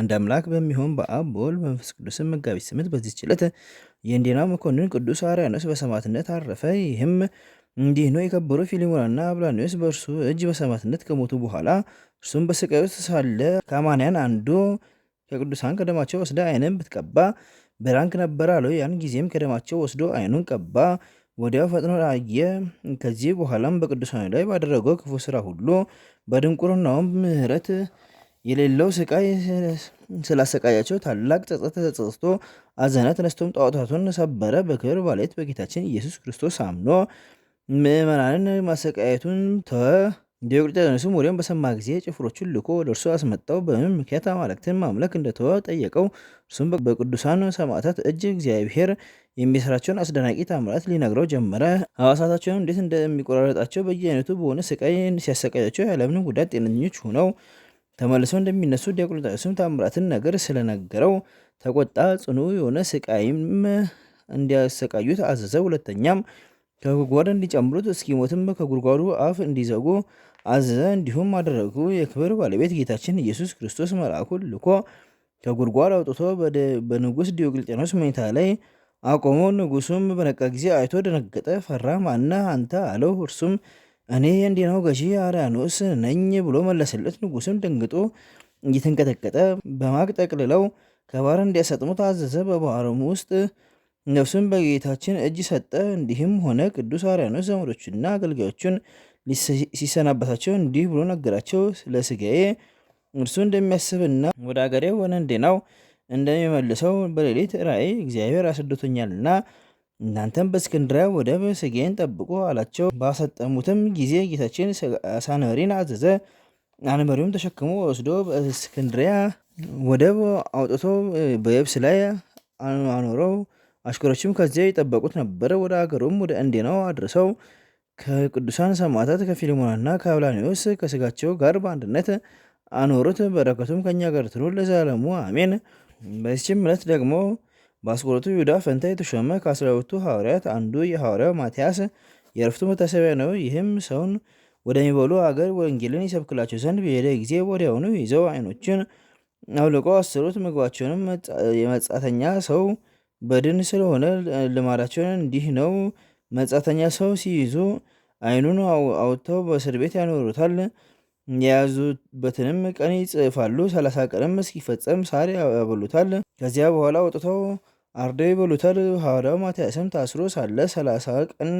አንድ አምላክ በሚሆን በአብ በወልድ በመንፈስ ቅዱስም መጋቢት ስምንት በዚህ ችለት የእንዴና መኮንን ቅዱስ አርያኖስ በሰማዕትነት አረፈ። ይህም እንዲህ ነው። የከበሩ ፊሊሞናና አብላኒዎስ በእርሱ እጅ በሰማዕትነት ከሞቱ በኋላ እርሱም በስቃይ ውስጥ ሳለ ከአማንያን አንዱ ከቅዱሳን ከደማቸው ወስደ አይንን ብትቀባ በራንክ ነበር አለው። ያን ጊዜም ከደማቸው ወስዶ አይኑን ቀባ፣ ወዲያው ፈጥኖ አየ። ከዚህ በኋላም በቅዱሳን ላይ ባደረገው ክፉ ስራ ሁሉ በድንቁርናውም ምሕረት የሌለው ስቃይ ስላሰቃያቸው ታላቅ ጸጸት ተጸጽቶ አዘነ። ተነስቶም ጣዖታቱን ሰበረ። በክብር ባለቤት በጌታችን ኢየሱስ ክርስቶስ አምኖ ምዕመናንን ማሰቃየቱን ተወ። ዲዮቅልጥያኖስም ወሬውን በሰማ ጊዜ ጭፍሮቹን ልኮ ወደ እርሱ አስመጣው። በምን ምክንያት አማልክትን ማምለክ እንደተወ ጠየቀው። እርሱም በቅዱሳን ሰማዕታት እጅ እግዚአብሔር የሚሰራቸውን አስደናቂ ታምራት ሊነግረው ጀመረ። ሕዋሳታቸውን እንዴት እንደሚቆራረጣቸው በየአይነቱ በሆነ ስቃይ ሲያሰቃያቸው ያለምንም ጉዳት ጤነኞች ሆነው ተመልሶ እንደሚነሱ ዲዮቅልጥያኖስም ታምራትን ነገር ስለነገረው ተቆጣ። ጽኑ የሆነ ስቃይም እንዲያሰቃዩት አዘዘ። ሁለተኛም ከጉድጓድ እንዲጨምሩት እስኪሞትም ከጉድጓዱ አፍ እንዲዘጉ አዘዘ። እንዲሁም አደረጉ። የክብር ባለቤት ጌታችን ኢየሱስ ክርስቶስ መልአኩን ልኮ ከጉድጓድ አውጥቶ በንጉስ ዲዮቅልጥያኖስ መኝታ ላይ አቆመው። ንጉሱም በነቃ ጊዜ አይቶ ደነገጠ፣ ፈራ። ማነህ አንተ አለው። እርሱም እኔ ነው ገዢ አርያኖስ ነኝ ብሎ መለሰለት። ንጉስም ደንግጦ እየተንቀጠቀጠ በማቅ ጠቅልለው ከባሕር እንዲያሰጥሙ ታዘዘ። በባሕሩም ውስጥ ነፍሱን በጌታችን እጅ ሰጠ። እንዲህም ሆነ። ቅዱስ አርያኖስ ዘመዶችና አገልጋዮቹን ሲሰናበታቸው እንዲህ ብሎ ነገራቸው። ስለ እርሱ እንደሚያስብና ወደ አገሬ ወነ እንዴናው እንደሚመልሰው በሌሊት ራእይ እግዚአብሔር አስዶቶኛልና እናንተም በእስክንድሪያ ወደብ ስጋዬን ጠብቁ አላቸው። ባሰጠሙትም ጊዜ ጌታችን ሳንመሪን አዘዘ። አንመሪውም ተሸክሞ ወስዶ በእስክንድሪያ ወደብ አውጥቶ በየብስ ላይ አኖረው። አሽከሮችም ከዚያ የጠበቁት ነበረ። ወደ ሀገሩም ወደ እንዴናው አድርሰው ከቅዱሳን ሰማዕታት ከፊልሞናና ከአብላኒዎስ ከስጋቸው ጋር በአንድነት አኖሩት። በረከቱም ከኛ ጋር ትኑር ለዘላለሙ አሜን። በዚችም ዕለት ደግሞ በአስቆሮቱ ይሁዳ ፈንታ የተሾመ ከአስራ ሁለቱ ሐዋርያት አንዱ የሐዋርያው ማትያስ የእረፍቱ መታሰቢያ ነው። ይህም ሰውን ወደሚበሉ አገር ወንጌልን ይሰብክላቸው ዘንድ በሄደ ጊዜ ወዲያውኑ ይዘው ዓይኖችን አውልቀው አስሩት ምግባቸውንም የመጻተኛ ሰው በድን ስለሆነ ልማዳቸውን እንዲህ ነው። መጻተኛ ሰው ሲይዙ ዓይኑን አውጥተው በእስር ቤት ያኖሩታል። የያዙበትንም ቀን ይጽፋሉ። ሰላሳ ቀንም እስኪፈጸም ሳር ያበሉታል። ከዚያ በኋላ ወጥተው አርዳዊ በሉታል። ሐዋርያው ማትያስም ታስሮ ሳለ 30 ቀን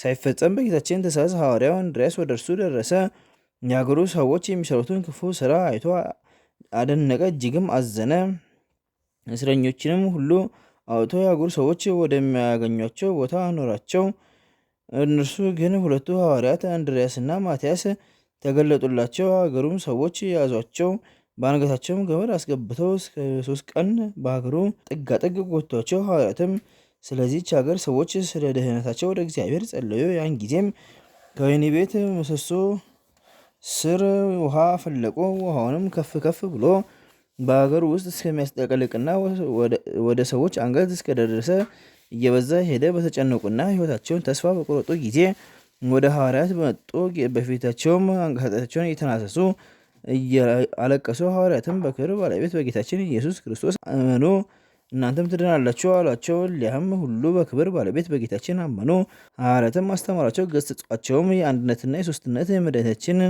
ሳይፈጸም በጌታችን ትእዛዝ ሐዋርያው አንድሪያስ ወደ እርሱ ደረሰ። የአገሩ ሰዎች የሚሰሩትን ክፉ ስራ አይቶ አደነቀ፣ እጅግም አዘነ። እስረኞችንም ሁሉ አውቶ የአገሩ ሰዎች ወደሚያገኟቸው ቦታ አኖራቸው። እነርሱ ግን ሁለቱ ሐዋርያት አንድሪያስና ማትያስ ተገለጡላቸው። አገሩም ሰዎች ያዟቸው። በአንገታቸውም ገመድ አስገብተው እስከ ሶስት ቀን በሀገሩ ጥጋጥግ ጎቷቸው። ሐዋርያትም ስለዚች ሀገር ሰዎች ስለ ደህንነታቸው ወደ እግዚአብሔር ጸለዩ። ያን ጊዜም ከወይኒ ቤት ምሰሶ ስር ውሃ ፈለቁ። ውሃውንም ከፍ ከፍ ብሎ በሀገር ውስጥ እስከሚያስጠቀልቅና ወደ ሰዎች አንገት እስከደረሰ እየበዛ ሄደ። በተጨነቁና ህይወታቸውን ተስፋ በቆረጡ ጊዜ ወደ ሐዋርያት መጡ። በፊታቸውም አንገታቸውን እየተናሰሱ እያለቀሱ ሐዋርያትም በክብር ባለቤት በጌታችን ኢየሱስ ክርስቶስ አመኑ፣ እናንተም ትድናላችሁ አሏቸው። ሊያም ሁሉ በክብር ባለቤት በጌታችን አመኑ። ሐዋርያትም አስተማራቸው፣ ገሰጿቸውም፣ የአንድነትና የሶስትነት የመድኃኒታችን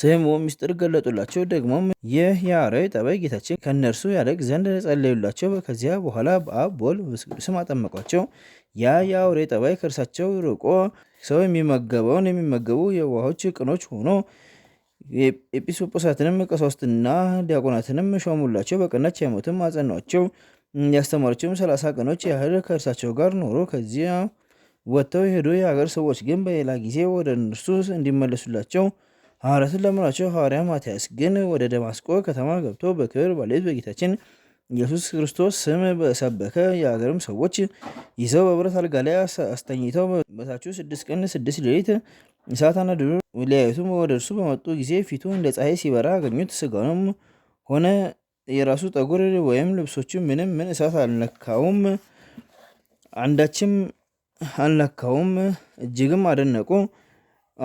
ስሙ ምስጢር ገለጡላቸው። ደግሞም ይህ የአውሬ ጠባይ ጌታችን ከእነርሱ ያደግ ዘንድ ጸለዩላቸው። ከዚያ በኋላ በአብ በወልድ በመንፈስ ቅዱስም አጠመቋቸው። ያ የአውሬ ጠባይ ከእርሳቸው ርቆ ሰው የሚመገበውን የሚመገቡ የዋሆች ቅኖች ሆኖ ኤጲስቆጶሳትንም ቀሳውስትና ዲያቆናትንም ሾሙላቸው። በቀናች ሃይማኖትም አጸኗቸው። ያስተማራቸውም ሰላሳ ቀኖች ያህል ከእርሳቸው ጋር ኖሮ ከዚያ ወጥተው የሄዱ የሀገር ሰዎች ግን በሌላ ጊዜ ወደ እነርሱ እንዲመለሱላቸው ሐዋርያትን ለምኗቸው። ሐዋርያ ማትያስ ግን ወደ ደማስቆ ከተማ ገብቶ በክብር ባለቤት በጌታችን ኢየሱስ ክርስቶስ ስም በሰበከ የሀገርም ሰዎች ይዘው በብረት አልጋ ላይ አስተኝተው በታችሁ ስድስት ቀን ስድስት ሌሊት እሳትና ድሩን ሊያዩትም ወደ እርሱ በመጡ ጊዜ ፊቱ እንደ ፀሐይ ሲበራ አገኙት። ስጋውም ሆነ የራሱ ጠጉር ወይም ልብሶች ምንም ምን እሳት አልነካውም፣ አንዳችም አልነካውም። እጅግም አደነቁ።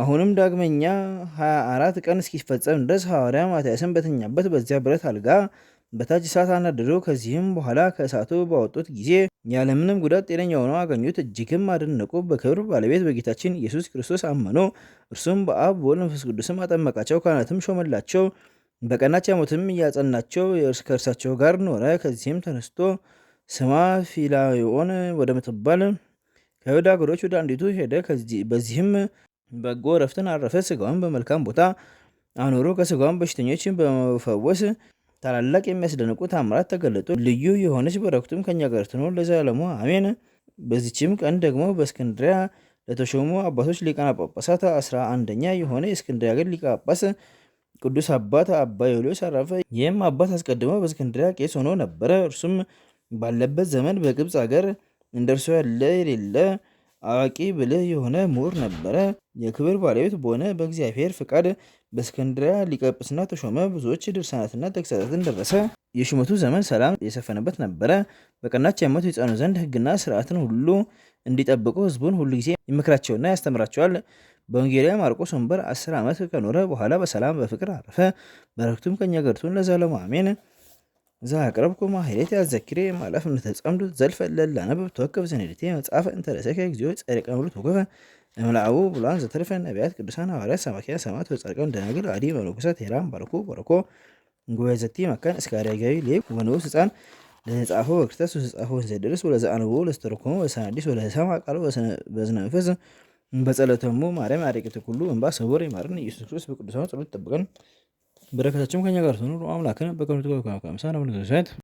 አሁንም ዳግመኛ 24 ቀን እስኪፈጸም ድረስ ሐዋርያ ማትያስን በተኛበት በዚያ ብረት አልጋ በታች እሳት አናደዱ። ከዚህም በኋላ ከእሳቱ ባወጡት ጊዜ ያለምንም ጉዳት ጤነኛ ሆነው አገኙት። እጅግም አደነቁ። በክብር ባለቤት በጌታችን ኢየሱስ ክርስቶስ አመኑ። እርሱም በአብ በወልድ መንፈስ ቅዱስም አጠመቃቸው፣ ካህናትም ሾመላቸው። በቀናች ሞትም እያጸናቸው ከእርሳቸው ጋር ኖረ። ከዚህም ተነስቶ ስማ ፊላዮን ወደምትባል ከይሁዳ አገሮች ወደ አንዲቱ ሄደ። በዚህም በጎ እረፍትን አረፈ። ስጋውን በመልካም ቦታ አኖሩ። ከስጋውን በሽተኞች በመፈወስ ታላላቅ የሚያስደንቁ ታምራት ተገለጡ። ልዩ የሆነች በረከቱም ከኛ ጋር ትኖር ለዘላለሙ አሜን። በዚችም ቀን ደግሞ በእስክንድሪያ ለተሾሙ አባቶች ሊቃነ ጳጳሳት አስራ አንደኛ የሆነ የእስክንድሪያ ሀገር ሊቀ ጳጳስ ቅዱስ አባት አባ ዮልዮስ አረፈ። ይህም አባት አስቀድሞ በእስክንድሪያ ቄስ ሆኖ ነበረ። እርሱም ባለበት ዘመን በግብፅ ሀገር እንደርሶ ያለ የሌለ አዋቂ ብልህ የሆነ ምሁር ነበረ። የክብር ባለቤት በሆነ በእግዚአብሔር ፍቃድ በእስክንድሪያ ሊቀ ጵጵስና ተሾመ። ብዙዎች ድርሳናትና ተግሳጻትን ደረሰ። የሹመቱ ዘመን ሰላም የሰፈነበት ነበረ። በቀናች ሃይማኖት ይጸኑ ዘንድ ሕግና ስርዓትን ሁሉ እንዲጠብቁ ሕዝቡን ሁሉ ጊዜ ይመክራቸውና ያስተምራቸዋል። በወንጌላዊ ማርቆስ ወንበር አስር ዓመት ከኖረ በኋላ በሰላም በፍቅር አረፈ። በረከቱም ከኛ ጋር ትሁን አሜን። ዘአቅረብኩማ ሂደት ያዘክሬ ማለፍ እንተጸምዱ ዘልፈለል አነብብ ተወከብ ዘኔዴቴ መጽሐፈ እንተረሰከ እግዚኦ ጸሪቀ ምሉ ተጎፈ እምልአቡ ብሏን ዘተርፈ ነቢያት ቅዱሳን ሐዋርያት ሰባኪያ ሰማት ወጻድቃን ደናግል አዲ መነኮሳት ሄራም ባርኩ በረኮ ጉበዘቲ መካን እስከ አደጋዊ ሌብ ወንዑስ ሕፃን ለተጻፈ ወክርተስ ተጻፈ ዘደርስ ወለዛ አንቦ ወሰናዲስ ወለሰማ ቃሉ በዝነ መንፈስ በጸለተሙ ማርያም አረቂት ኩሉ እንባ ሰቦር ይማርን ኢየሱስ ክርስቶስ በቅዱሳኑ ጸሎት ጠብቀን በረከታቸውም ከኛ ጋር ትኑር አምላክን በከንቱ